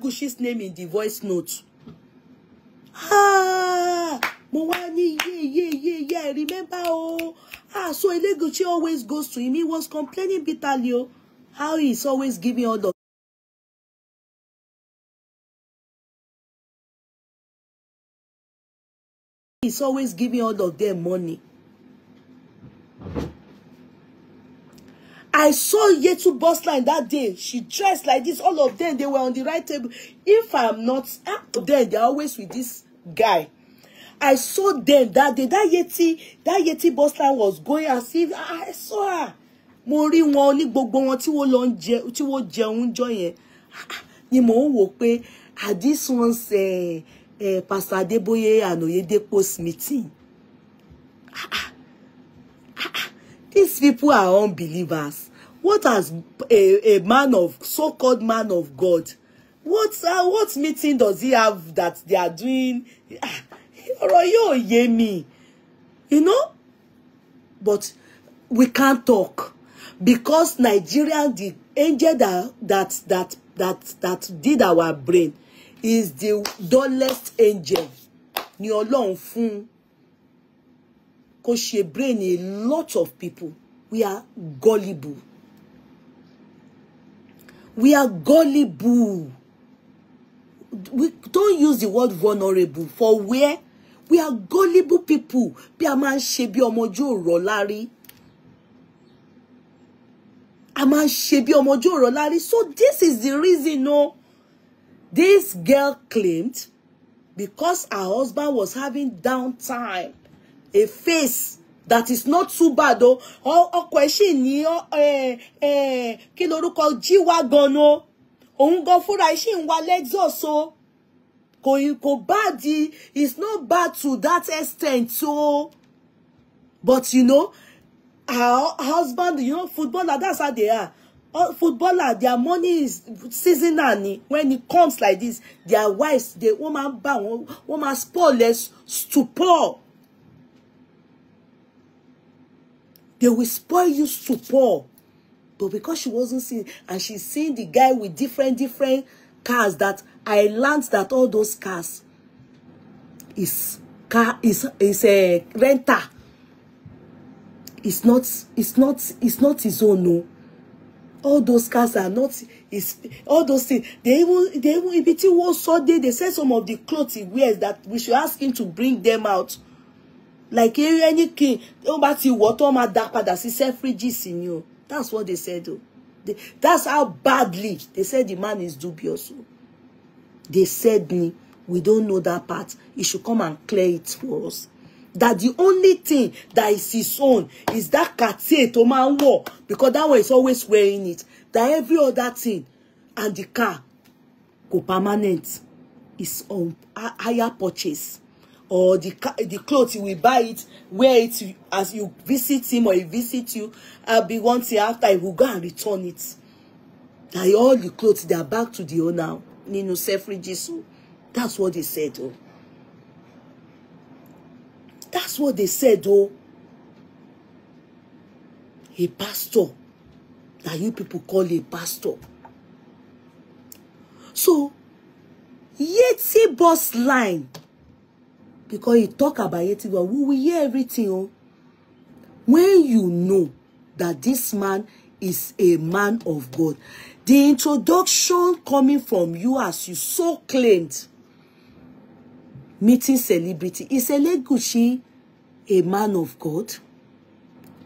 Gushi's name in the voice note. Ah, mo yeah, yeah, yeah, yeah, remember oh. Ah, so Elegushi always goes to him. He was complaining bitterly oh, how he's always giving all the He's always giving all of them money. I saw Yetu bus line that day. She dressed like this. All of them, they were on the right table. If I'm not ah, there, they're always with this guy. I saw them that day. That Yeti, that Yeti bus line was going and see. Ah, I saw her. Mo rí wọn ní gbogbo wọn tí wọ́n lọ ń jẹ tí wọ́n jẹun jọ ah, Ni mo ń wò pé at this one's uh, eh, uh, eh, Pastor Adeboye de post meeting. These people are unbelievers. What has a, a man of, so-called man of God, what, uh, what meeting does he have that they are doing? Ah, ọ̀rọ̀ yóò You know? But we can't talk because Nigeria, the angel that, that, that, that, that did our brain is the dullest angel. Ni Ọlọ́run fun, kó she brain a lot of people. We are gullible. We are gullible. We don't use the word vulnerable for where we are gullible people. Bí a máa ń ṣe bí ọmọ ojú A máa ń ṣe bí So this is the reason no. This girl claimed because her husband was having downtime, a face that is not too bad o ọkọ ẹ ṣì ní kí lorúkọ jíwá gan o òun gan fúnra ẹ ṣì ń wa Lexus o kò kò bad it's not bad to that extent o but you know her husband you know footballer that's how they are all footballer their money is seasonal ni when it comes like this their wives the woman ban woman spoil less to poor They will spoil you to poor. But because she wasn't seeing, and she's seeing the guy with different, different cars that I learned that all those cars is car is is a renter. It's not it's not it's not his own no. All those cars are not is all those things. They even they even if it was Sunday, they said some of the clothes he wears that we should ask him to bring them out like any king tó bá ti wọ̀ tó máa dá padà sí Selfridges ni o that's what they said o that's how badly they said the man is dubious o they said me, we don't know that part he should come and clear it for us that the only thing that is his own is that Cartier tó máa ń wọ̀ because that one is always wearing it that every other thing and the car go permanent is on higher purchase or the the clothes you will buy it, wear it as you visit him or he visit you. I'll be one after he will go and return it. That all the clothes they are back to the owner. Nínú Selfridges. That's what they said. Oh. That's what they said. Oh, a pastor that you people call a pastor. So, Yeti bus line because he talk about it well we will hear everything oh when you know that this man is a man of God the introduction coming from you as you so claimed meeting celebrity is a Elegushi a man of God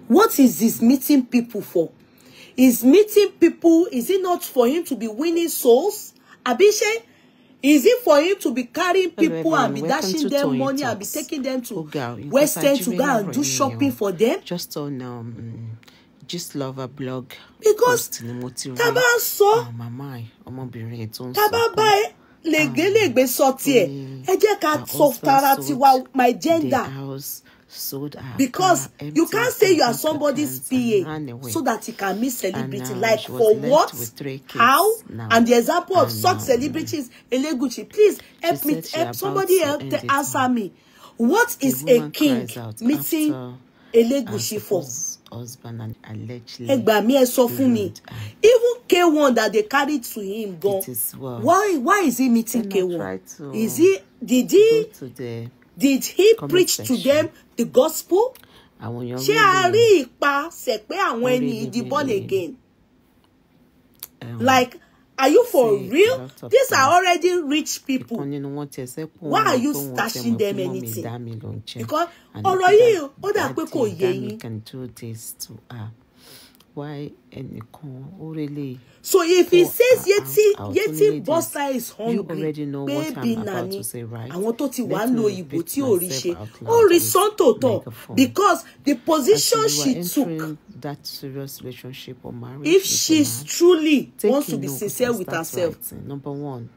what is this meeting people for is meeting people is it not for him to be winning souls abishe Is it for him to be carrying people and be dashing them money talks. and be taking them to oh, girl, to go and do shopping for them? Just on um, just a blog. Because taba sọ oh, mama ọmọbìnrin tó ń sọ taba bá ẹ lègbèlègbè ah, sọ tiẹ̀ ẹ jẹ́ ká sọ tara tiwa my gender. The house, sold her because you can't say you are somebody's PA so that you can meet uh, celebrity like for what how now. and the example of such celebrities now. Eleguchi please help me help somebody help to answer me what is a king meeting Eleguchi for ẹ gbà mí ẹ sọ fún mi even K1 that they carried to him Gone. well. why why is he meeting K1 is he did he did he preach to them the gospel? ṣé a rí ìpasẹ̀ pé àwọn ẹni yìí born again? like are you for real? These are already rich people. Why are you stashing them anything? Because ọ̀rọ̀ yìí ó dà pé kò yé yín why ẹnìkan ó so if he oh, says yeti yeti bossa is hungry baby nani àwọn tó ti wà ń lo ìbò tí ò rí ṣe ó because the position she took that serious relationship or marriage if she truly wants to be sincere with herself. number one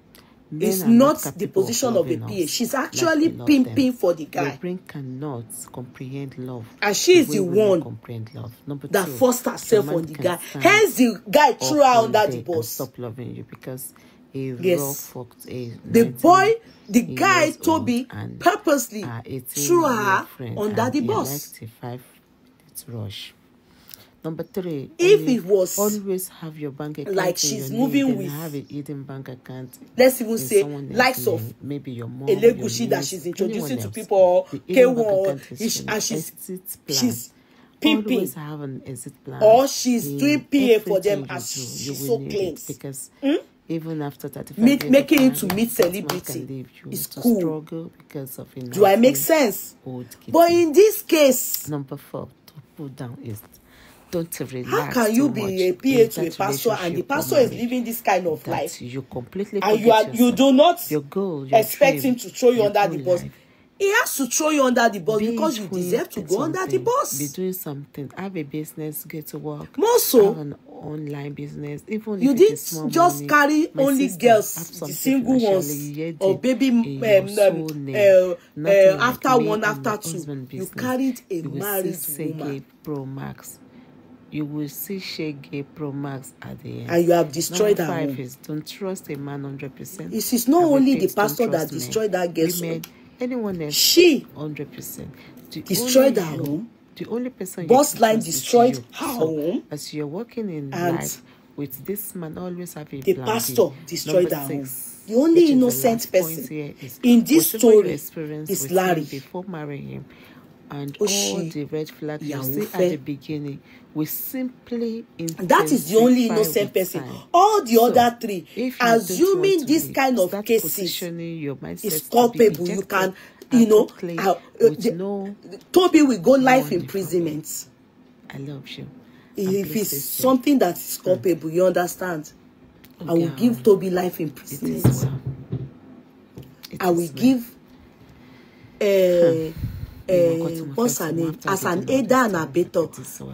it's not, the position of a PA. She's actually pimping for the guy. Your brain cannot comprehend love. And she is the, the one comprehend love. Number that two, forced herself on the guy. Hence, the guy threw her under the bus. Stop loving you because a yes. raw fucked a the boy, the guy Toby, purposely threw her under the bus. five, it's rush. Number three, if always, it was always have your bank account like she's moving with have a hidden bank account. Let's even say likes of maybe your mom, Elegushi your that niece, she's introducing to people, K1, is, and she's she's pimping. Always have an exit plan. Or she's In doing PA for them as she she's so claims. Because hmm? even after that, Make, making it to meet celebrity is cool. Struggle because of do I make sense? But in this case, number four, to pull down is don't relax. How can you be a PA to a pastor and the pastor is living this kind of life? You completely and you are you do not your goal, your expect dream, him to throw you under the bus. Life. He has to throw you under the bus be because you deserve to go under the bus. Be doing something. Have a business, get to work. More so, have an online business. Even you didn't just money. carry My only girls, the single ones, or baby um, um, uh, uh, after like one, after two. You carried a married woman. Pro Max you will see Shege Pro Max at the end. And you have destroyed her home. is don't trust a man hundred percent. It is not only the pastor that destroyed men, that girl's women, home. Anyone else? She hundred percent destroyed her home. The only person Boss line destroyed her home. So, as you're working in and life with this man, always have a The pastor B. destroyed her home the only innocent the person is, in this story is Larry. Before marrying him, and Oshi, all the red flags you see at the beginning, we simply that is the only innocent person all the so, other three assuming this kind of cases is culpable you can you know uh, uh, the, no Toby will go life imprisonment I love you if it's something that is culpable you understand okay. Oh, I will give Toby life imprisonment I will give uh, uh, as an aider and abettor,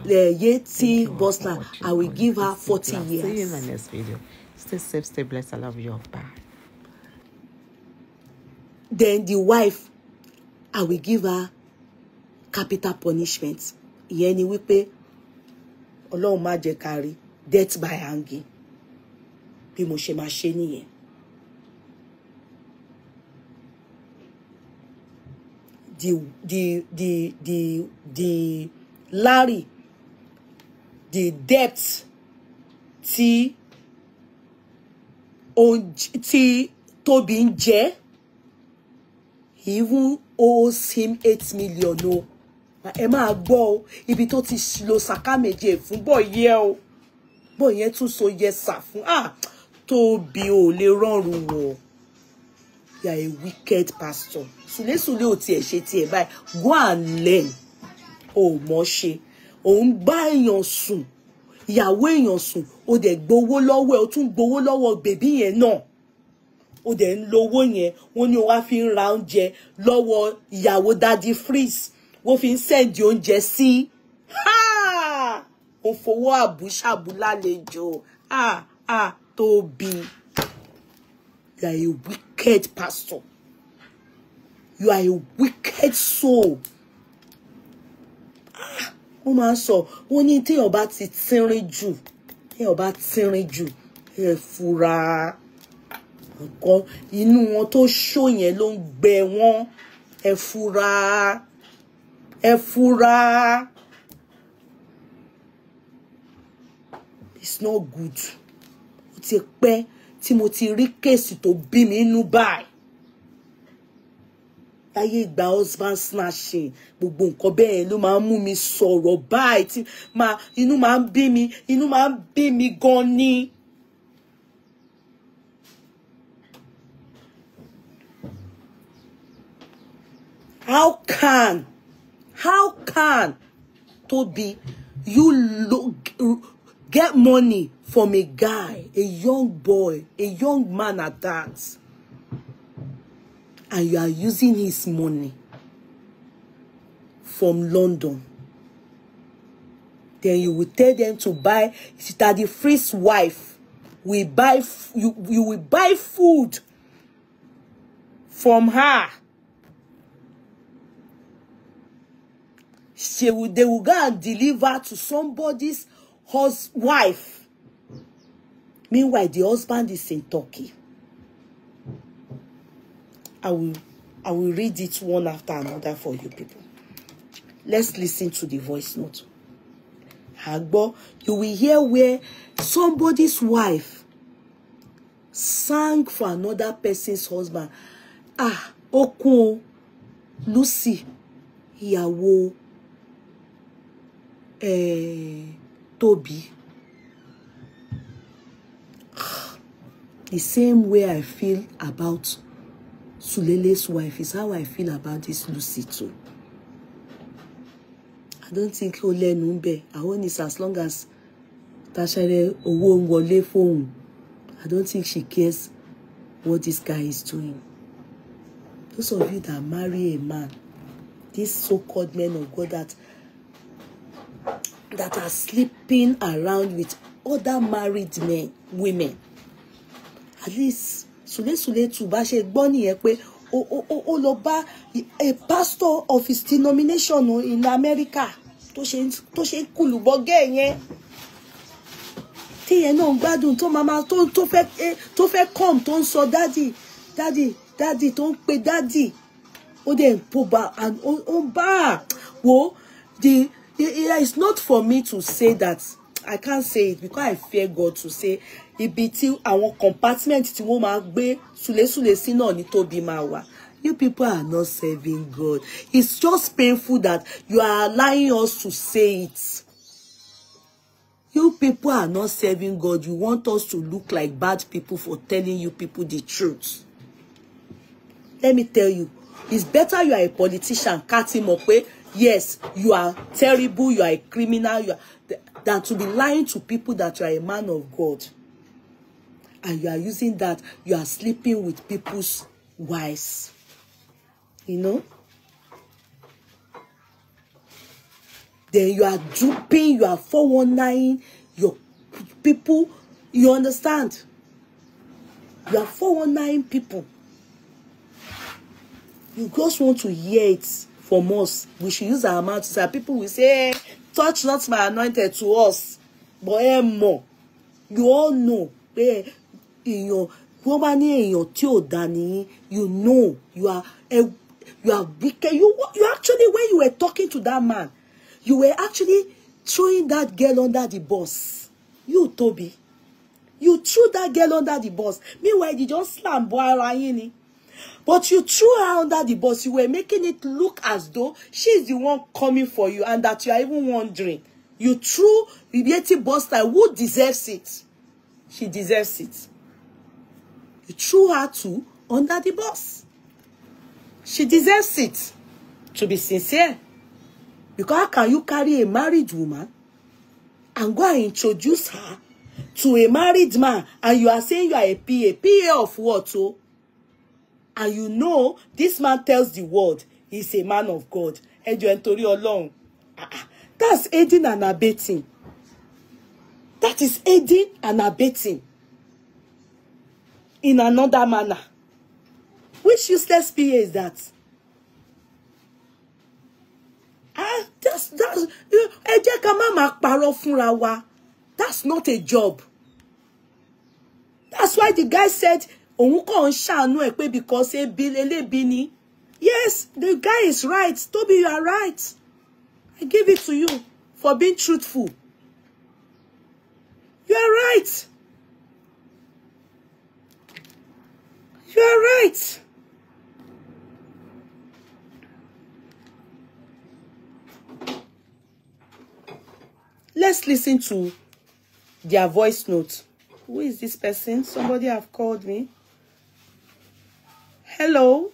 the Yeti Bosna I will give her 40 years see you in my next video stay safe stay blessed I love you bye then the wife I will give her capital punishment Yeni ni wípé Ọlọ́run má jẹ́ death by hanging bí mo ṣe the the the the the Larry the debt tí tí Tobi ń jẹ he even owes him eight million o ẹ máa gbọ́ o ibi tó ti lo sàká méje fún bọ̀ yẹ o bọ̀ yẹn tún so yẹ sà fún ah Tobi ò lè rọrùn o you are a wicked pastor sùlẹ́sùlẹ́ ò tiẹ̀ ṣe tiẹ̀ báyìí go and learn ò mọ̀ ṣe òun bá èèyàn sùn ìyàwó èèyàn sùn ó dẹ̀ gbowó lọ́wọ́ ẹ̀ ó tún gbowó lọ́wọ́ bèbí yẹn náà ó dẹ̀ ń lowó yẹn wọ́n ní wá fi ń ra oúnjẹ lọ́wọ́ ìyàwó dadi freeze wọ́n fi ń sẹ́ǹdì oúnjẹ sí òfowó àbúṣàbú lálejò ah ah Tóbi. You are a wicked pastor. You are a wicked soul. Wọ́n ah, máa ń sọ, wọ́n ní téèyàn bá ti tínrín jù, téèyàn tell tínrín jù, ẹ fura. Nǹkan inú wọn tó ṣó yẹn ló ń gbẹ wọ́n. Ẹ fura. Ẹ fura. It's not good. What's ti pẹ́ tí mo ti rí kéèsì tó bí mi inú báyìí láyé ìgbà husband snatching gbogbo nǹkan bẹ́ẹ̀ ló máa ń mú mi sọ̀rọ̀ báyìí tí máa inú máa ń bí mi inú máa ń bí mi gan ni. how can how can Tobi you look get money from a guy, a young boy, a young man at that. And you are using his money from London. Then you will tell them to buy, that the first wife will buy, you, you will buy food from her. She will, they will go and deliver to somebody's hus wife. Meanwhile, the husband is in Turkey. I will, I will read it one after another for you people. Let's listen to the voice note. Agbo, you will hear where somebody's wife sang for another person's husband. Ah, Oku, Lucy, ìyàwó, eh, Tobi. The same way I feel about Sulele's wife is how I feel about this Lucy too. I don't think ó lẹ́nu ń bẹ̀. I own is as long as Tashere owó ń wọlé fóun. I don't think she cares what this guy is doing. Those of you that marry a man, this so-called men of God that that are sleeping around with other married men women at least sùlẹ̀sùlẹ̀ tù bá ṣe gbọ́ o o o lọ bá a pastor of his denomination in America tó ṣe ń kùlùbọ́ gẹ́ẹ̀ yẹn téèyàn náà ń gbádùn tó máa tó tó fẹ́ eh, tó fẹ́ come tó ń sọ dádì dádì dádì tó ń pe dádì o dẹ̀ ń pò o ó ń bá wò ó di it is not for me to say that I can't say it because I fear God to say ibi tí àwọn compartment tí wọ́n máa gbé sùlẹ̀sùlẹ̀ sí náà ní tóbi máa wà. You people are not serving God. It's just painful that you are allowing us to say it. You people are not serving God. You want us to look like bad people for telling you people the truth. Let me tell you, it's better you are a politician cut him up pé yes you are terrible you are a criminal you are than to be lying to people that you are a man of God and you are using that you are sleeping with people's wives you know then you are duping you are 419 your people you understand you are 419 people you just want to hear it from us. We should use our mouth to say, people eh, will say, touch not my anointed to us. But hey, eh, more. You all know. Hey, in your wọ́n in your èèyàn Danny, you know you are a eh, you are wicked you you actually when you were talking to that man you were actually throwing that girl under the bus you Toby, you threw that girl under the bus meanwhile you just slam boy ara yín But you threw her under the bus. You were making it look as though she's the one coming for you and that you are even wondering. You threw Bibieti Buster. Who deserves it? She deserves it. You threw her too under the bus. She deserves it. To be sincere. Because how can you carry a married woman and go and introduce her to a married man and you are saying you are a PA? PA of what? Oh? and you know this man tells the world he's a man of God ẹjọ ẹ nítorí Ọlọ́run ah, ah. that's aiding and abetting that is aiding and abetting in another manner which useless PA is that ah that's that's ẹ jẹ́ ká má máa that's not a job that's why the guy said òun kàn ń ṣàánú ẹ̀ pé because ebi elébi ni yes the guy is right Tobi you are right I give it to you for being truthful you are right you are right. Let's listen to their voice note. Who is this person? Somebody have called me hello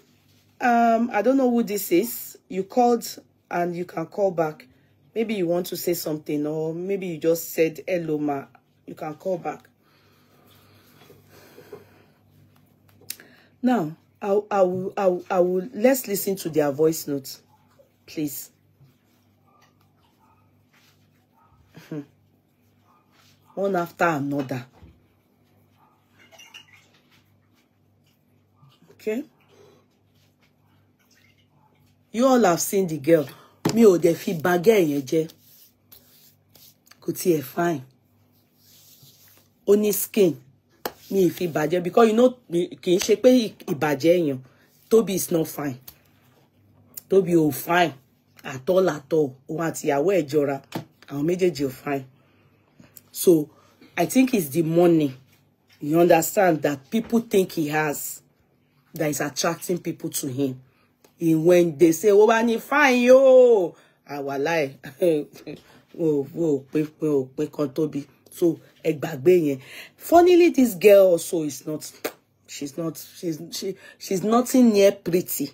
um i don't know who this is you called and you can call back maybe you want to say something or maybe you just said hello ma you can call back now i i i I will let's listen to their voice notes please hmm. one after another okay you all have seen the girl mi ò dẹ̀ fi bagẹ́ yẹn jẹ́ kò tiẹ̀ fine ó ní skin mi ì fi bàjẹ́ because you know kì í ṣe pé ìbàjẹ́ èèyàn Tobi is not fine Tobi O fine At àtọ́ làtọ́ òun àti ìyàwó ẹ̀ Jora. àwọn méjèèjì ò fine so I think it's the money you understand that people think he has that is attracting people to him. And when they say, oh, I need fine, yo, I will lie. oh, oh, oh, oh, so egbagbe yen. Funnily, this girl also is not, she's not, she's, she, she's nothing near pretty.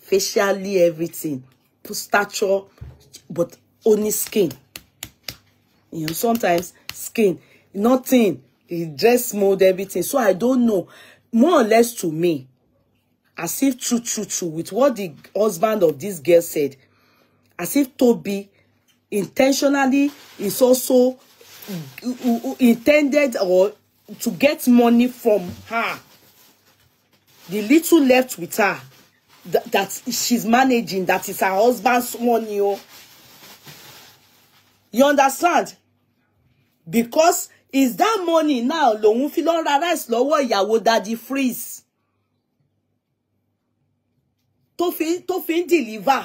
Facially, everything, stature, but only skin. You know, sometimes skin, nothing, dress mode, everything. So I don't know more or less to me, as if true, true, true, with what the husband of this girl said, as if Toby intentionally is also intended or to get money from her. The little left with her that, that she's managing, that is her husband's money. Oh. You understand? Because is that money now lòun fi lọ ra rice lọ́wọ́ ìyàwó Daddy Freeze tó fi tó fi ń deliver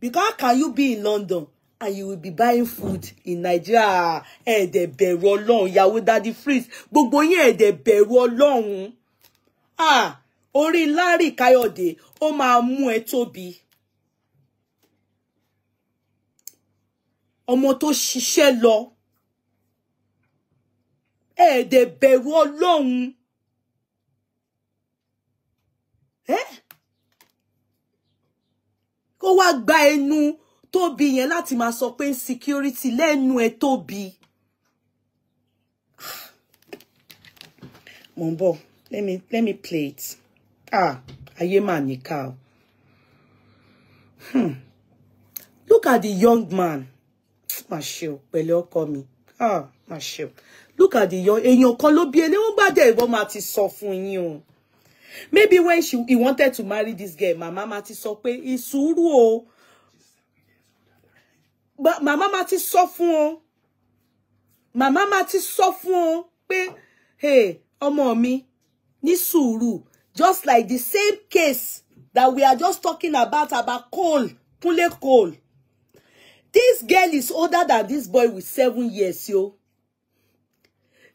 because how can you be in London and you will be buying food in Nigeria ẹ̀ẹ́dẹ̀ bẹ̀rù ọlọ́run ìyàwó Daddy Freeze gbogbo yín ẹ̀ẹ́dẹ̀ bẹ̀rù ọlọ́run ah orí Larry kayode. ó máa mú ẹ tóbi. ọmọ tó ṣiṣẹ́ lọ ẹ̀ẹ́dẹ̀ bẹ̀rù ọlọ́run kó wá gba ẹnu tóbi yẹn láti máa sọ pé security lẹ́nu ẹ̀ tóbi. mo ń bọ̀ let me let me play it ah ayé mà níkà o hmm. look at the young man mà ṣe o pẹ̀lẹ́ ọkọ mi ah mà ṣe o look at the young èèyàn kan ló bí ẹni wọ́n bá dẹ̀ ìwọ́n máa ti sọ fún yín o maybe when she he wanted to marry this girl mama máa ti sọ pé ìsùúrù o mama máa ti sọ fún o màmá máa ti sọ fún o pé hey ọmọ mi ni suru. just like the same case that we are just talking about about coal, Kunle coal. this girl is older than this boy with seven years yo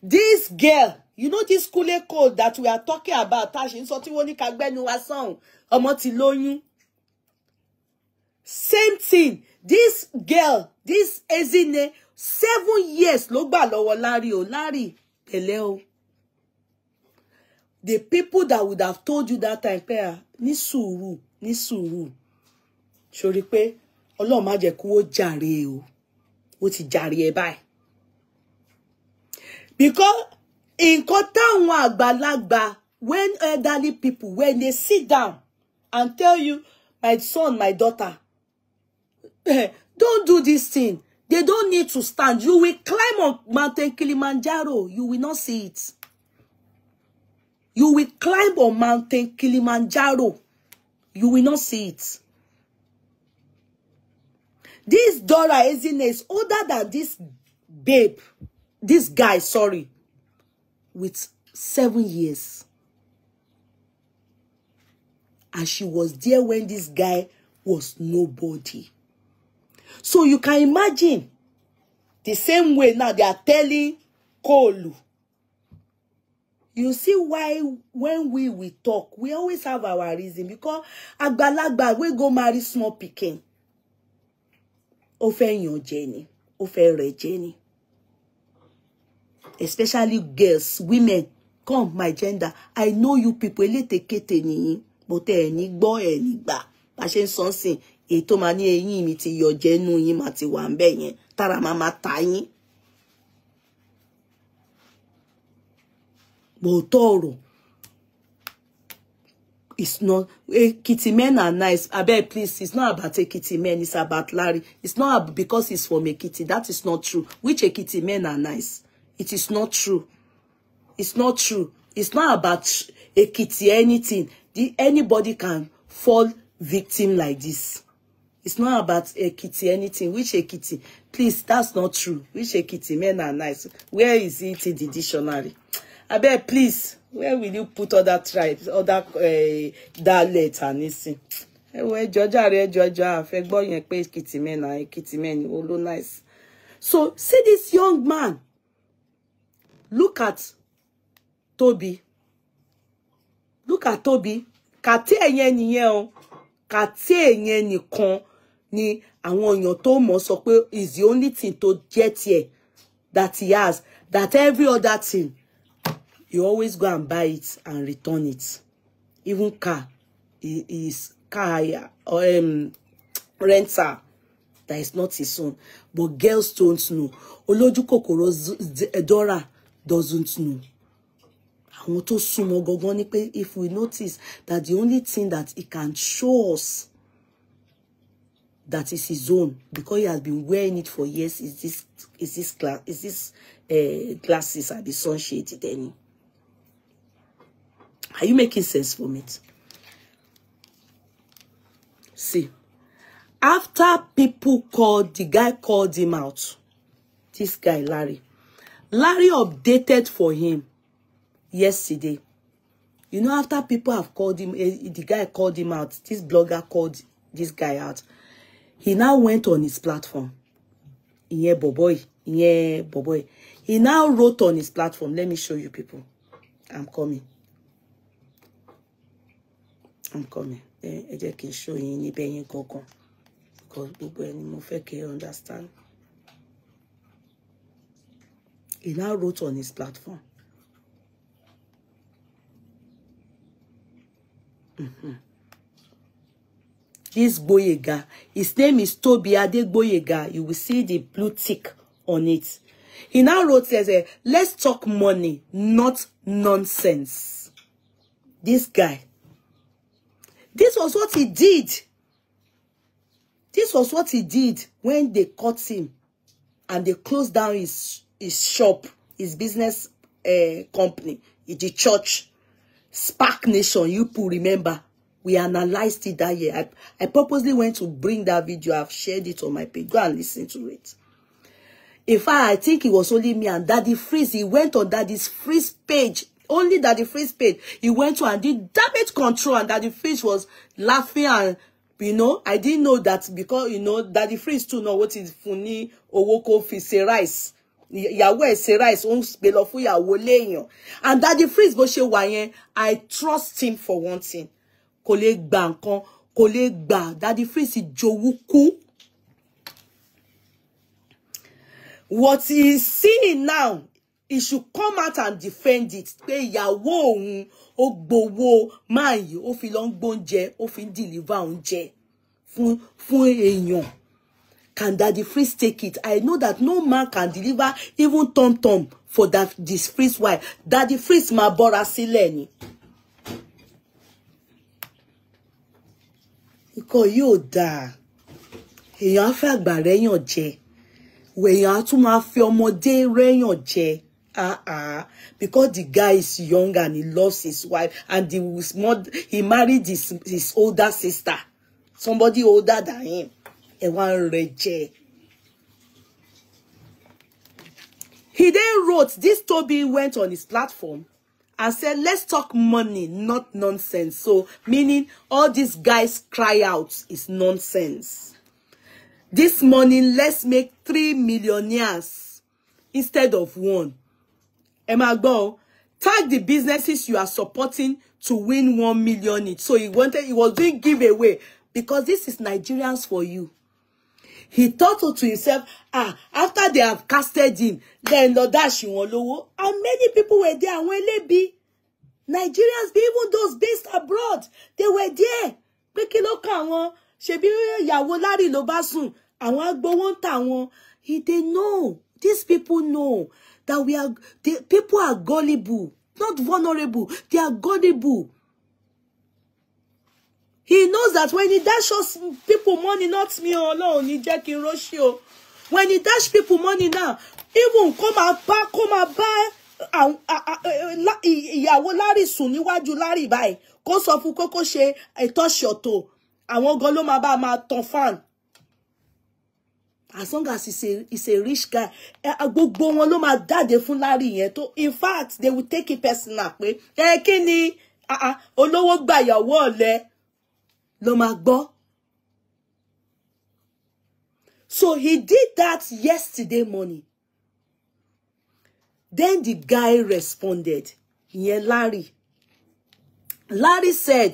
this girl you know this kule code that we are talking about tá a ṣe ń sọ tí wọ́n ní wa sọ̀hún ọmọ ti lóyún same thing this girl this ezine, seven years ló gbà lọ́wọ́ Larry o Larry pẹ̀lẹ́ o the people that would have told you that time pé ni suru ni suru. sùúrù sori pé Ọlọ́run má jẹ́ kó o jàre o o ti jàre ẹ báyìí because nǹkan táwọn àgbàlagbà when elderly people when they sit down and tell you my son my daughter don't do this thing they don't need to stand you will climb on mountain Kilimanjaro you will not see it you will climb on mountain Kilimanjaro you will not see it. This Dora Ezine is older than this babe this guy, sorry, with seven years. And she was there when this guy was nobody. So you can imagine the same way now they are telling Kolu. You see why when we we talk, we always have our reason because Agbalagba we go marry small picking. Ó fẹ́ yan jẹ ni, ó especially girls women come my gender i know you people elétekéte nìyí mo tẹ ẹ ní gbọ́ ẹ ní gbà bá ṣe ń sàn sìn èyí tó máa ní eyín mi ti yọ jẹnu yín máa ti wà ń bẹ yẹn ta yín. gbòòtọ́ it's not ekiti eh, men are nice I beg please it's not about a ekiti men it's about larry it's not because it's for me ekiti that is not true which ekiti men are nice it is not true it's not true it's not about a kitty. anything the anybody can fall victim like this it's not about a kitty. anything which a kitty. please that's not true which a kitty? men are nice where is it in the dictionary I beg, please where will you put other tribes other uh, eh, dialect and nisin ẹwọ ẹjọ jàre Georgia? ẹjọ àfẹ gbọ́ yẹn pé Ekiti men na Ekiti men All ó nice so see this young man Look at Toby. Look at Tobi. Kàtí ẹ̀yẹn nìyẹn o. Kàtí ẹ̀yẹn nìkan ni àwọn èèyàn tó mọ̀ sọ pé is the only thing to get tiẹ̀ that he has that every other thing you always go and buy it and return it. Even car is car or um, renter that is not his own but girls don't know olójú kòkòrò Dora doesn't know àwọn tó súnmọ́ gangan ni pé if we notice that the only thing that he can show us that is his own because he has been wearing it for years is this is this glass is this uh, glasses abi sunshade any? are you making sense for me see after people called the guy called him out this guy Larry Larry updated for him yesterday. You know, after people have called him, eh, the guy called him out. This blogger called this guy out. He now went on his platform. Yeah, boboy. Yeah, boy. He now wrote on his platform. Let me show you people. I'm coming. I'm coming. Eh, ẹ jẹ́ kí show you níbẹ̀ yín kankan. Because gbogbo ẹni mo fẹ́ understand. He now wrote on his platform. Mm-hmm. This boyega, his name is Toby Adegboyega. You will see the blue tick on it. He now wrote, says, uh, let's talk money, not nonsense. This guy. This was what he did. This was what he did when they caught him and they closed down his his shop, his business uh, company, the church, Spark Nation, you people remember. We analyzed it that year. I, I purposely went to bring that video. I've shared it on my page. Go and listen to it. In fact, I think it was only me and Daddy Freeze. He went on Daddy's Freeze page. Only Daddy Freeze page. He went to and did damage control. And Daddy Freeze was laughing and you know i didn't know that because you know daddy freeze too know what is funny owoko fi se rice ìyàwó ẹ̀ ṣe rice ó ń gbé lọ fún ìyàwó léèyàn and Daddy Freeze bó ṣe wà yẹn I trust him for one thing kò lè gba nǹkan kò lè gbà Daddy Freeze jowú kú what he is seeing now he should come out and defend it pé ìyàwó òun ó gbowó máa yìí ó fi lọ ń gbóúnjẹ ó fi ń deliver oúnjẹ fún fún èèyàn can daddy freeze take it i know that no man can deliver even tom tom for that this freeze wife daddy freeze máa bọ́ra sílẹ̀ ni. nǹkan yóò dáa èèyàn á fẹ́ àgbà rẹ́yàn jẹ èèyàn á tún máa fi ọmọdé rẹ́yàn jẹ ah ah because the guy is young and he loves his wife and he, was mod he married his, his older sister somebody older than him ẹ wá ń He then wrote, This Toby went on his platform and said, Let's talk money, not nonsense. So, meaning all these guys cry out is nonsense. This morning, let's make three millionaires instead of one. Ẹ máa gbọ́, tag the businesses you are supporting to win one million each. So he wanted, he was doing giveaway because this is Nigerians for you he thought to himself ah after they have casted him then lọ dáṣì wọn lówó and many people were there they be? Nigerians even those based abroad they were there pé kí ló kàn wọ́n ṣebí ìyàwó Larry ló bá sùn àwọn agbowó ń he they know these people know that we are the people are gullible not vulnerable they are gullible He knows that when he dashes people money, not me alone, oh, he jẹ́ kí n oh. When he dash people money now, even kó and bá kó máa bá ìyàwó Larry sùn níwájú Larry báyìí kó sọ fún kókó ṣe ìtọ́ṣì ọ̀tọ̀ àwọn gan ló máa bá máa tan fan as long as he's a, he's a rich guy eh, gbogbo wọn ló máa dáde fun Larry yẹn tó in fact they will take it personal pé ẹ eh, kí ni ah, ah, olówó gbàyàwó ọ̀lẹ ló máa gbọ́. So he did that yesterday morning. Then the guy responded, ìyẹn Larry. Larry said,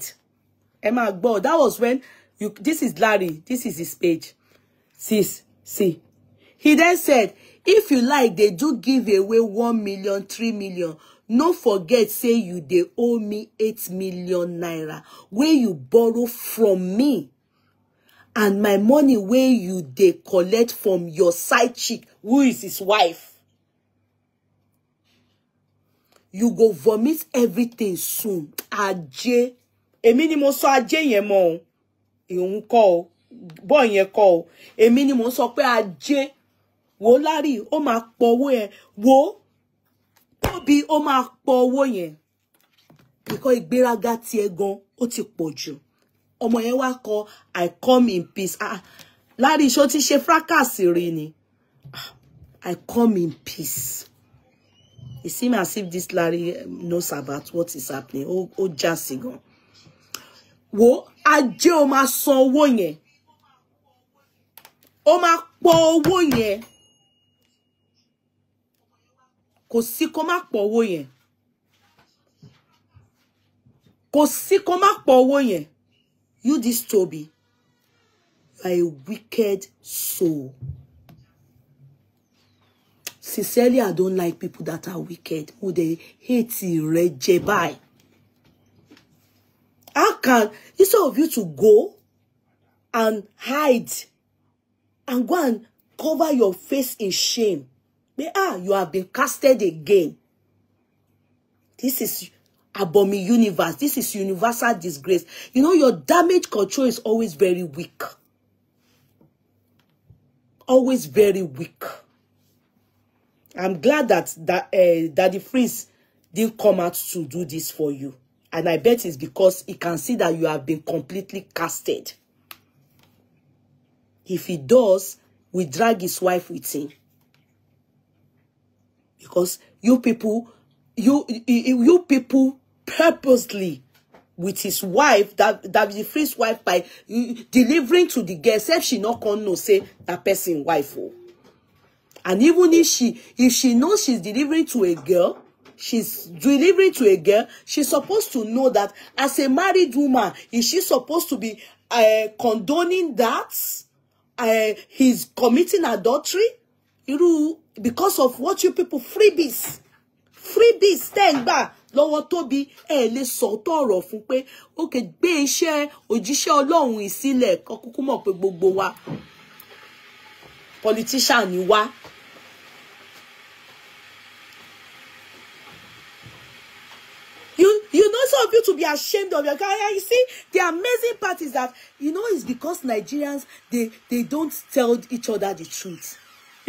ẹ máa gbọ́, that was when, you, this is Larry, this is his page. Sis, see. He then said, if you like, they do give away 1 million, 3 million no forget say you dey owe me 8 million naira Where you borrow from me and my money where you dey collect from your side chick who is his wife you go vomit everything soon ajé èmi ni mo sọ ajé yẹn mọ́ o ìhun kọ́ o bọ́ yẹn kọ́ o èmi ni mo sọ pé ajé wò lárí ó máa pọ̀wó ẹ wò bí ó máa pọ owó yẹn ìkọ́ ìgbéraga tiẹ̀ gan ó ti pọ̀ jù ọmọ yẹn wá kọ i come in peace ah, ah. láàrin iṣó ti ṣe fracas rí ni ah, i come in peace it seem as if this Larry um, knows about what is happening ó já sí gan wo ajé o máa san owó yẹn ó máa pọ owó yẹn kò sí kó má pọ̀ owó yẹn kò sí kó má pọ̀ owó yẹn you this Tobi you are a wicked soul sincerely i don't like people that are wicked Who dey hate rẹ jẹ báyìí how can instead of you to go and hide and go and cover your face in shame pé ah you have been casted again this is abomi universe this is universal disgrace you know your damage control is always very weak always very weak i'm glad that that uh, daddy freeze didn't come out to do this for you and i bet it's because he can see that you have been completely casted if he does we drag his wife with him because you people, you you people purposely with his wife that that the first wife by delivering to the girl self she not come no say that person wife oh and even if she if she knows she's delivering to a girl she's delivering to a girl she's supposed to know that as a married woman is she supposed to be uh, condoning that uh, he's committing adultery You know because of what you people freebies freebies tẹ́ ń gbà lọ́wọ́ Tóbi ẹ lè sọ̀tọ̀ ọ̀rọ̀ fún pé òkè gbé iṣẹ́ òjíṣẹ́ Ọlọ́run ìsílẹ̀ kọ́kúkú mọ̀ pé gbogbo wa politician ni wa. You, you know some of you to be ashamed of your career. You see, the amazing part is that, you know, it's because Nigerians, they, they don't tell each other the truth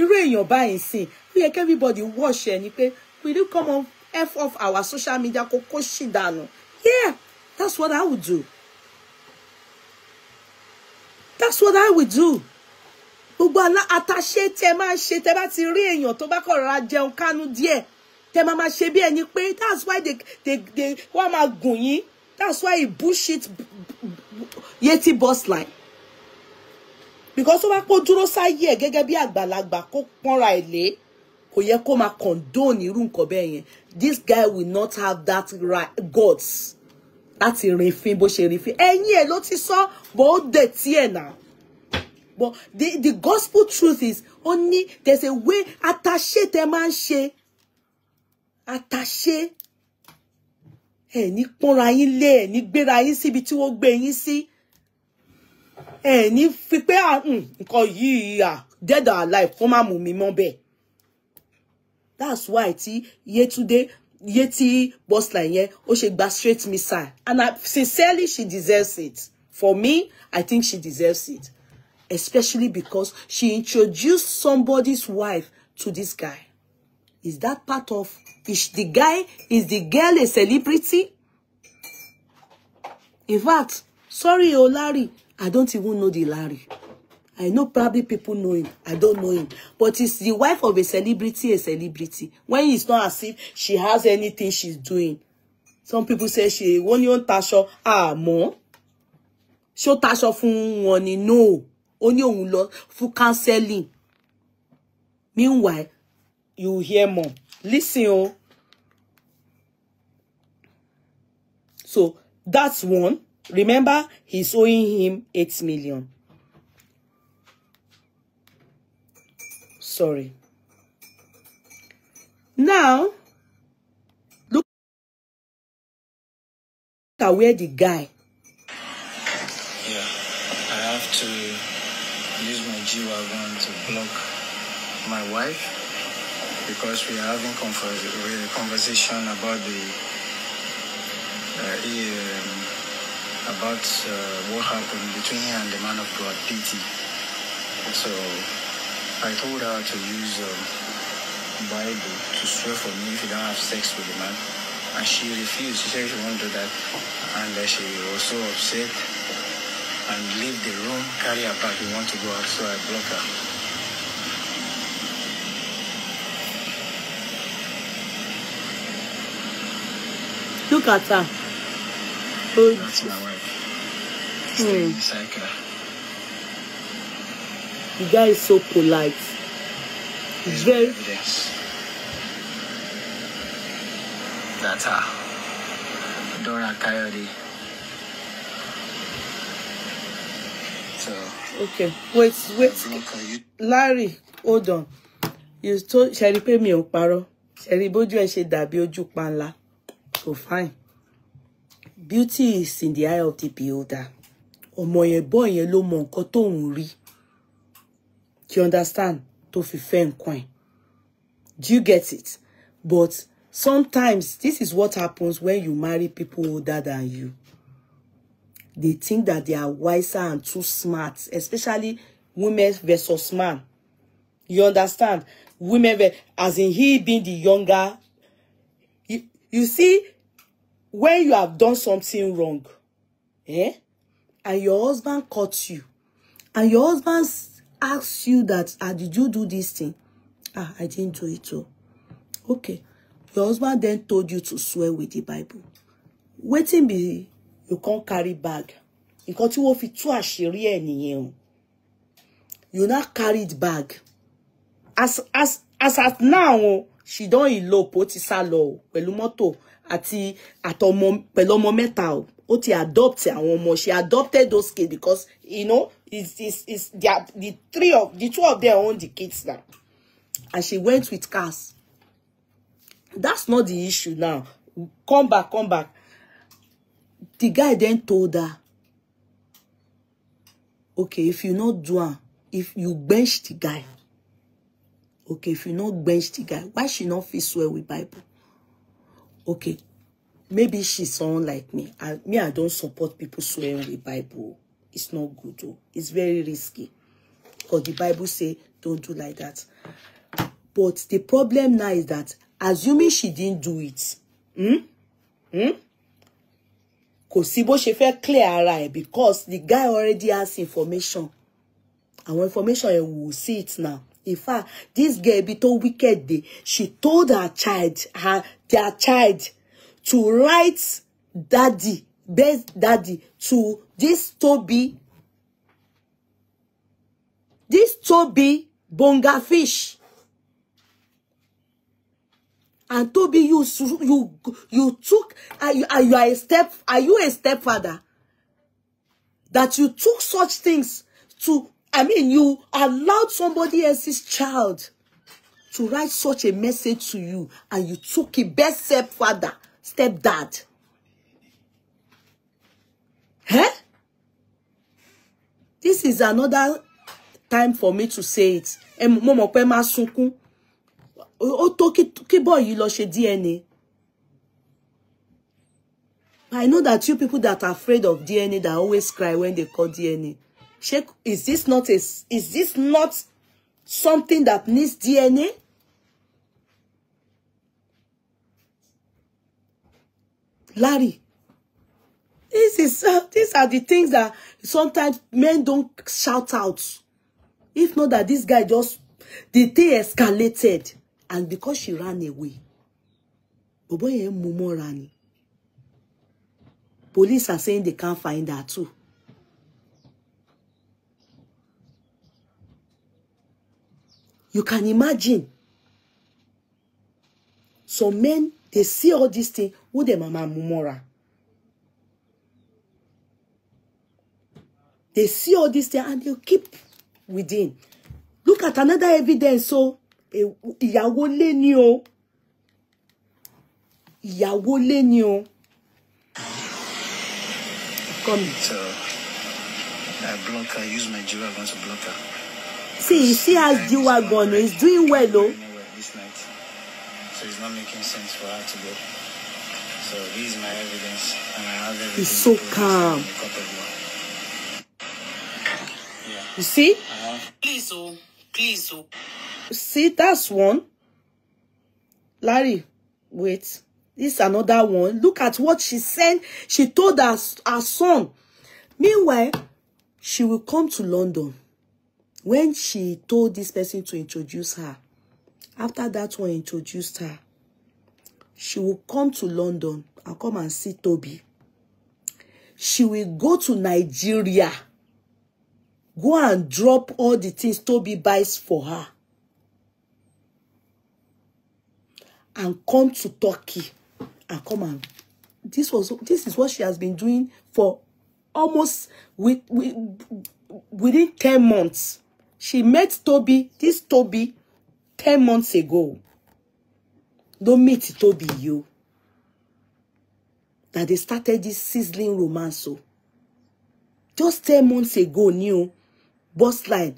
irú èèyàn báyìí sìn ó yẹ kí everybody watch ẹ ni pé we do come on f off our social media kó kó ṣì dànù yeah that's what i would do that's what i would do gbogbo àtàṣe tẹ máa ṣe tẹ bá ti rí èèyàn tó bá kọ̀ọ̀rọ̀ jẹun kánú díẹ̀ tẹ máa máa ṣe bí ẹni pé that's why they they they wọ́n máa gùn yín that's why he bullshit yeti bus line because ó bá kó dúró sáyé ẹ̀ gẹ́gẹ́ bí àgbàlagbà kó pọ́nra ẹ̀ lé kò yẹ kó máa condone irú nǹkan bẹ́ẹ̀ yẹn this guy will not have that right God's láti rìnfín bó ṣe rìnfín ẹ̀yìn ẹ̀ ló ti sọ bó ó tí ẹ̀ náà but the the gospel truth is ó ní there's a way àtàṣe tẹ máa ń ṣe àtàṣe ẹ̀ ní pọ́nra yín lé ẹ̀ ní gbéra yín síbi tí wọ́n gbé yín sí. Si ẹ ní fi pé hmm, nǹkan yìí à dead or alive kó má mú mi mọ́ bẹ́ẹ̀ that's why tí Yetunde iye tí bọ́sìlẹ̀ yẹn ó ṣe gba straight missile and I, sincerely she deserves it for me I think she deserves it especially because she introduced somebody's wife to this guy is that part of is the guy is the girl a celebrity in fact sorry o Larry I don't even know the Larry. I know probably people know him. I don't know him. But it's the wife of a celebrity, a celebrity. When it's not as if she has anything she's doing. Some people say she won yon tasho. Ah, She Show tasho fun woni. No. Oni ohun lọ fún counseling. Meanwhile, you hear mom. Listen oh. So, that's one. Remember, he's owing him 8 million. Sorry. Now, look at where the guy. Yeah, I have to use my G-Wagon to block my wife because we are having converse, conversation about the uh, e, um, about uh, what happened between her and the man of God, PT. So I told her to use um, Bible to swear for me if you don't have sex with the man. And she refused. She said she won't do that. And uh, she was so upset and leave the room, carry her back. You want to go out, so I block her. Look at her. Oh, that's my wife. Stay inside her. The guy is so polite. He's very. Evidence. That's her. Dora Coyote. So. Okay. Wait, wait. Larry, hold on. You told Sherry pé mi ò parọ́. Sherry bójú ẹ ṣe dàbí ojú panla. So fine beauty is in the eye of the beholder ọmọ yẹn bọ́ yẹn ló mọ nǹkan tóun rí you understand To fi fẹ́ nǹkan do you get it but sometimes this is what happens when you marry people older than you they think that they are wiser and too smart especially women versus man you understand women as in he being the younger you, you see when you have done something wrong eh, and your husband caught you and your husband asks you that ah did you do this thing ah I didn't do it o okay your husband then told you to swear with the Bible wetin be you can't carry bag nǹkan tí wọ́n you now carried bag as as as at now o she don't elope o ti sá lọ o pẹ̀lú àti àtọmọ pẹ̀lú ọmọ mẹ́ta o ó ti adopt àwọn ọmọ she adopted those kids because you know it's it's it's they the three of the two of them own the kids now and she went with cars that's not the issue now come back come back the guy then told her okay if you not do am if you bench the guy okay if you not bench the guy why she not fit swear with bible okay maybe she's someone like me I, me i don't support people swearing the bible it's not good oh it's very risky because the bible say don't do like that but the problem now is that assuming she didn't do it hmm? Hmm? kò sí bó ṣe fẹ́ clear ara because the guy already has information Our information ẹ̀ wò sí it now in fact this girl ibi tó wicked dey she told her child her their child to write daddy best daddy to this Toby, this Toby bonga fish and Toby, you you you took are you, are you a step are you a stepfather that you took such things to I mean, you allowed somebody else's child to write such a message to you and you took it best stepfather, stepdad. Huh? This is another time for me to say it. Mo mọ̀ pé má sunkún. Ó tó boy yìí lọ ṣe DNA. I know that you people that are afraid of DNA that always cry when they call DNA ṣé is this not a is this not something that needs DNA? Larry, this is uh, these are the things that sometimes men don't shout out. If not that this guy just the thing escalated and because she ran away. Bobo yẹn mú Police are saying they can't find her too. You can imagine. So men, they see all these things. Who the mama mumora? They see all these things and they keep within. Look at another evidence. So, oh. e, ìyàwó lé ní o. Oh. Ìyàwó lé ní o. Oh. Come. So, I block her. Use my jewel. I want to block her see, she has G-Wagon. Is doing well, though. This night. So it's not making sense for her to go. So this is my evidence. And I have everything. He's so calm. You see? Uh-huh. Please, oh. Please, oh. See, that's one. Larry, wait. This is another one. Look at what she sent. She told her, her son. Meanwhile, she will come to London when she told this person to introduce her, after that one introduced her, she will come to London and come and see Toby. She will go to Nigeria, go and drop all the things Toby buys for her, and come to Turkey and come and this was this is what she has been doing for almost with, with within ten months She met Toby, this Toby, 10 months ago. Don't meet Toby, you. That they started this sizzling romance. So. Oh. Just 10 months ago, new oh. bus line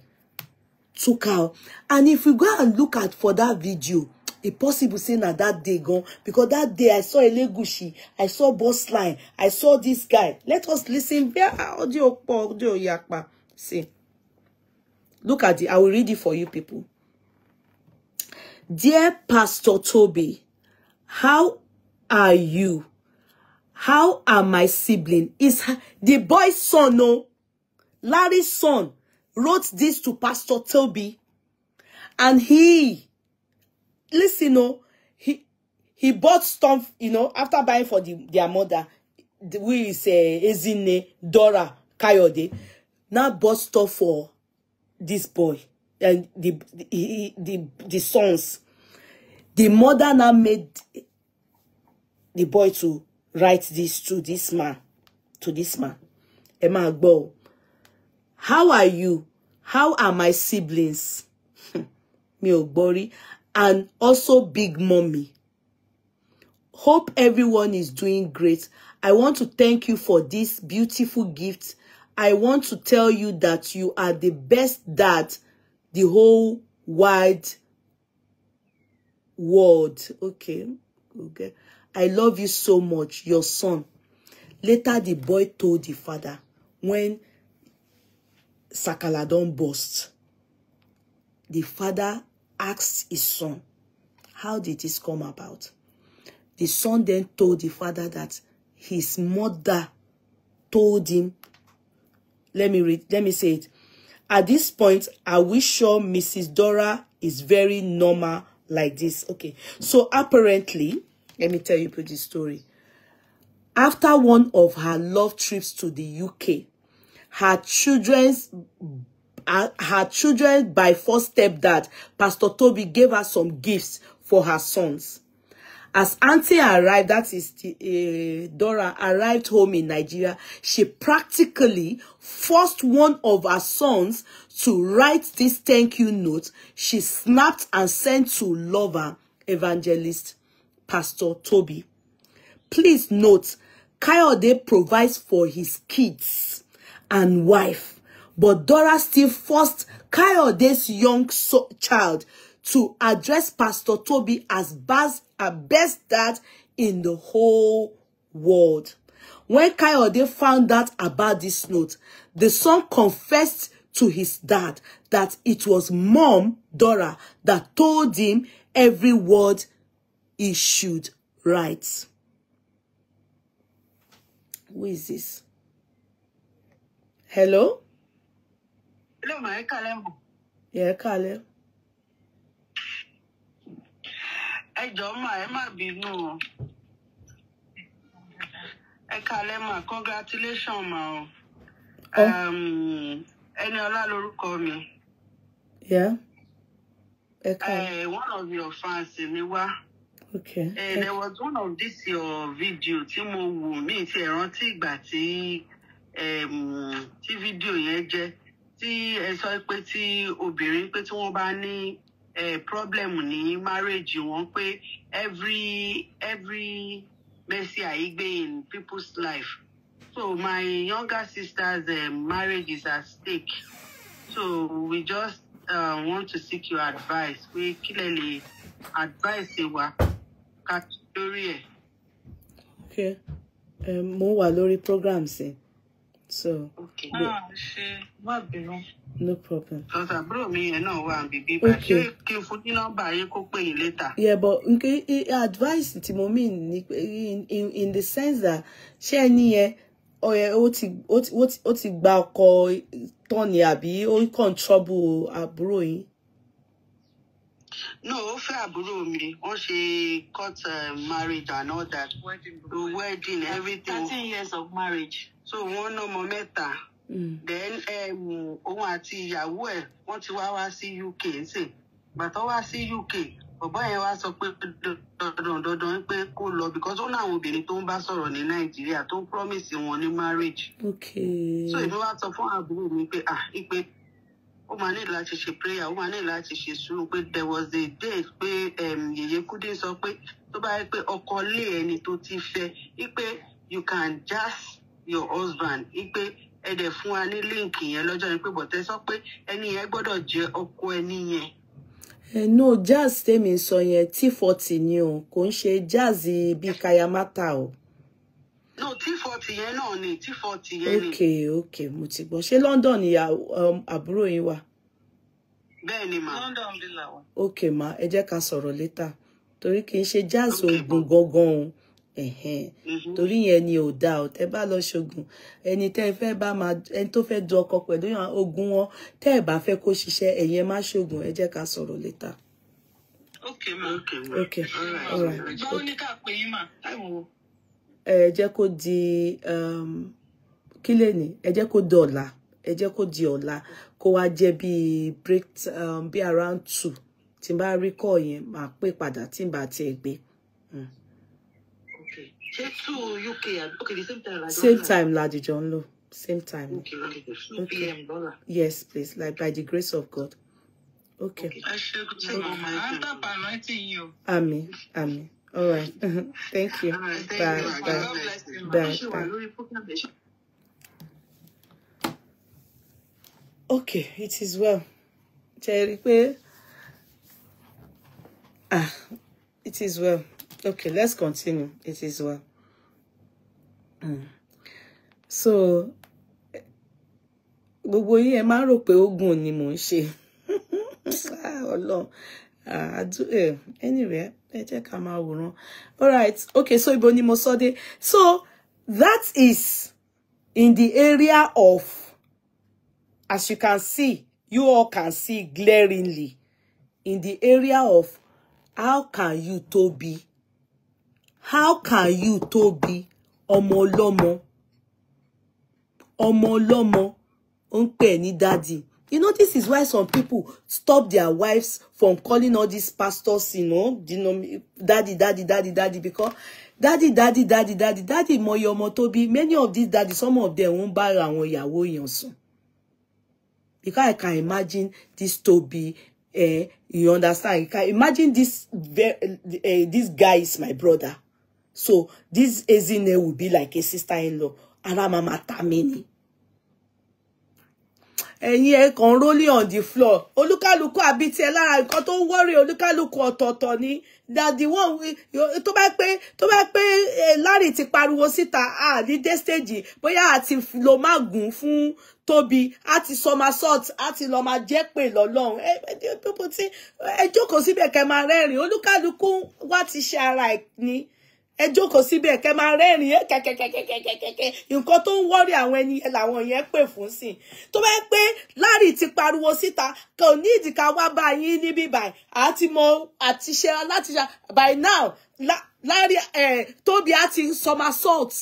took out. And if you go and look at for that video, e possible say na that day gone because that day i saw Elegushi i saw bus line i saw this guy let us listen audio audio yapa see Look at it. I will read it for you people. Dear Pastor Toby, how are you? How are my sibling? Is the boy's son, no? Oh, Larry's son wrote this to Pastor Toby. And he, listen, no, oh, he, he bought stuff, you know, after buying for the, their mother, we eh, say Ezine, Dora, Kayode, now bought stuff for this boy and eh, the the the, the sons. The mother now made the boy to write this to this man, to this man. Ẹ máa How are you? How are my siblings? me ò And also big mommy. Hope everyone is doing great. I want to thank you for this beautiful gift I want to tell you that you are the best dad the whole wide world. Okay. Okay. I love you so much, your son. Later, the boy told the father when Sakala don burst. The father asked his son, how did this come about? The son then told the father that his mother told him let me read, let me say it. At this point, are we sure Mrs. Dora is very normal like this? Okay. So apparently, let me tell you pretty story. After one of her love trips to the UK, her children's her, children by first stepdad, Pastor Toby, gave her some gifts for her sons. As Auntie arrived, that is the, uh, eh, Dora arrived home in Nigeria, she practically forced one of her sons to write this thank you note she snapped and sent to lover evangelist Pastor Toby. Please note, Kayode provides for his kids and wife, but Dora still forced Kayode's young so child to address Pastor Toby as best, uh, best dad in the whole world. When Kayode found out about this note, the son confessed to his dad that it was mom, Dora, that told him every word he should write. Who is this? Hello? Hello, my Kalem. Yeah, Kalem. ẹ jọ̀ọ́ mà ẹ má bínú o ẹ kalẹ̀ mà congratulation ma. o ẹni ọlá lórúkọ mi. Yeah. Okay. Uh, one of your fans ni wá. Okay. Uh, There was one of this your video tí mo wò mí ti ẹ̀rántí ìgbà tí tí fídíò yẹn jẹ́ tí ẹ sọ pé tí obìnrin pé tí wọ́n bá ní problem ní marriage wọn pé every every mercy àìgbé in people's life so my younger sister's um, marriage is at stake so we just uh, want to seek your advice We clearly advice lè wa ká ẹ. okay um, mo wà lórí programs yìí. Eh? So, okay. But, ah, she wá bínú. No problem. Sọ̀tà àbúrò mi yẹn náà wà bíbí bá ṣé kí n fún ní nọ́mbà yẹn kó pè yín later. Yeah, but nke advice tí mo mean ni in in the sense that ṣé ẹni yẹn what what what what what what what what what what what àbúrò yín. No, ó fẹ́ àbúrò mi. Wọ́n ṣe court uh, eh, marriage and all that. Wedding, wedding everything. Thirteen years of marriage so wọ́n ná ọmọ mẹ́ta mm. then um, òun àti ìyàwó ẹ̀ wọ́n ti wá wá sí UK ṣe gbàtọ́ wá sí UK bàbá yẹn wá sọ pé dandan dandan pé kó lọ because ó ní àwọn obìnrin tó ń bá sọ̀rọ̀ ní Nàìjíríà tó ń promise wọn ní marriage so èmi wá sọ fún àbúrò mi pé ah ipe ó máa ní láti ṣe prayer ó máa ní láti ṣe sùúrù pé there was a day pé um, Yèyé Kúdí sọ pé tó bá yẹ pé ọkọ lé ẹni tó ti fẹ́ ipe you can just your husband wípé ẹ dẹ̀ fún wa ní líǹkì yẹn lọ́jọ́ yẹn pé bọ̀tẹ́ sọ pé ẹni yẹn gbọ́dọ̀ jẹ́ ọkọ ẹni yẹn. ẹ eh, no jazz tèmi sọ yẹn T forty ni o kò ń ṣe jazz bíi kayamata o. no t forty yẹn náà ni tí forty yẹn ni. ok ok mo ti gbọ́ ṣé London ni um, àbúrò yín wà. bẹ́ẹ̀ ma London bí làwọn. ok ma ẹ jẹ́ ká sọ̀rọ̀ létà torí kì í ṣe jazz oògùn gangan o. Mm-hmm. torí yẹn ni ò dáa ò tẹ́ bá lọ ṣoògùn ẹni tẹ́ ẹ bá máa ẹni tó fẹ́ du ọkọ pẹ̀lú ogun wọn tẹ́ bá fẹ́ kó ṣiṣẹ́ ẹ̀yẹn má ṣoògùn ẹ jẹ́ ká sọ̀rọ̀ later. okay ma okay ma okay all right báwo ni ká pè yín mà táwọn. ẹ jẹ́ kó di um, kí lè ní ẹ jẹ́ kó di ọ̀la ẹ jẹ́ kó di ọ̀la kó wá jẹ́ bíi break um, bíi around two tí n bá rí kọ́ yẹn màá pè padà tí n bá tiẹ̀ gbé. Mm. Same time, Ladi John Lo. Same time. Okay, okay. Yes, please. Like by the grace of God. Okay. okay. Ami, Ami. All right. Thank you. Right. Thank bye. You. Bye. You. Bye. Bye. Okay, it is well. Cherry, ah, it is well. Okay, let's continue. It is well. Hmm. So, gbogbo yín ẹ máa ń rò pé ogun ni mò ń ṣe. Ah, Ọlọ́run. Ah, do, eh. anyway, ẹ check ká máa wòran. All right. Okay, so ibo ni mo sọ So, that is in the area of, as you can see, you all can see glaringly, in the area of how can you, Tobi? how can you Tóbi ọmọ ọlọ́mọ ọmọ ọlọ́mọ ó ń pè ní dádì You know, this is why some people stop their wives from calling all these pastors, you know, daddy, daddy, daddy, daddy, because daddy, daddy, daddy, daddy, daddy, mọ iye ọmọ tó bí, many of these daddies, some of them wọ́n bá ara ìyàwó èèyàn sùn. Because I can imagine this Tobi, eh, you understand? You can imagine this, eh, this guy is my brother. So this Ezinne will be like a sister-in-law. Ara mama ta mi ni. Ẹ̀yin ẹ on the floor. Olúkálùkù àbí tiẹ̀ lára nǹkan tó ń wọ́rì That the one Dàdí wọ́n tó bá pé tó bá pé Larry ti pariwo síta à ní dé stage bóyá àti lo máa gùn fún Tóbi àti somersault àti lọ máa jẹ́ pè lọ́lọ́run. Ẹ jókòó síbẹ̀ kẹ́ máa rẹ́rìn-ín. Olúkálùkù wá ti ṣe ara ẹ̀ ni ẹ jókòó síbẹ̀ kẹ máa rẹ́rìn ín eh, kẹkẹkẹkẹkẹkẹ nǹkan tó ń wọ́rí àwọn ẹni làwọn yẹn pè fún sí i tó bá yẹ pé Larry ti pariwo síta kò ní ìdìka wá bá yín níbí báyìí àti mo àti ṣe láti ṣe by now Larry eh, Tóbi á ti somersault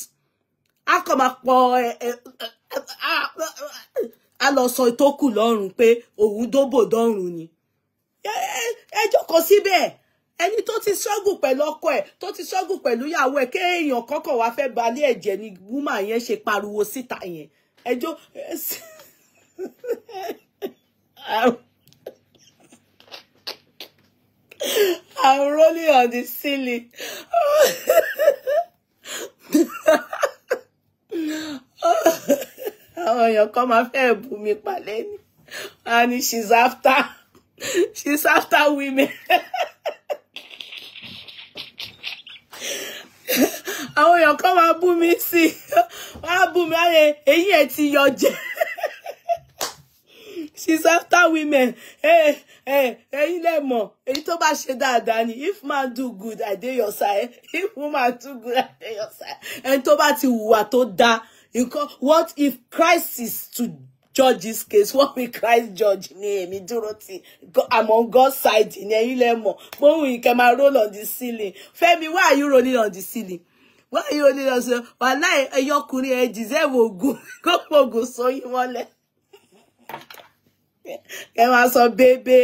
á kàn máa pọ̀ eh, a lọ sọ ìtókù lọ́rùn pé òun dóbò dọ́rùn ni ẹ jókòó síbẹ̀ ẹni tó ti ṣọ́gùn pẹ̀lú ọkọ ẹ̀ tó ti ṣọ́gùn pẹ̀lú ìyàwó ẹ̀ kéèyàn kọ́kọ́ wá fẹ́ balẹ̀ ẹ̀jẹ̀ ni wúmà yẹn ṣe pariwo síta yẹn ẹjọ́ I'm rolling on the ceiling. àwọn èèyàn kan máa fẹ́ bù mí palẹ́ ni and she's after she's after women àwọn èèyàn kan máa bú mi sí I á bú mi láre eyín ẹ ti yọ jẹ she's after women ẹyin lẹ mọ̀ èyí tó bá ṣe dáadáa ni if man do good i dey your side if woman do good i dey your side ẹni tó bá ti hùwà tó dáa nǹkan what if crisis to judge this case wọ́n mi Christ judge ni èmi dúró ti I'm on God's side ìyẹn ilẹ̀ mọ̀ gbóhùn ìkẹ́ máa roll on the ceiling Fẹ́mi why are you rolling on the ceiling why are you rolling on the ceiling wàhálà ẹyọkùnrin ẹ deserve ogun kó ogun sóyún mọ́lẹ̀ ẹ máa so bébé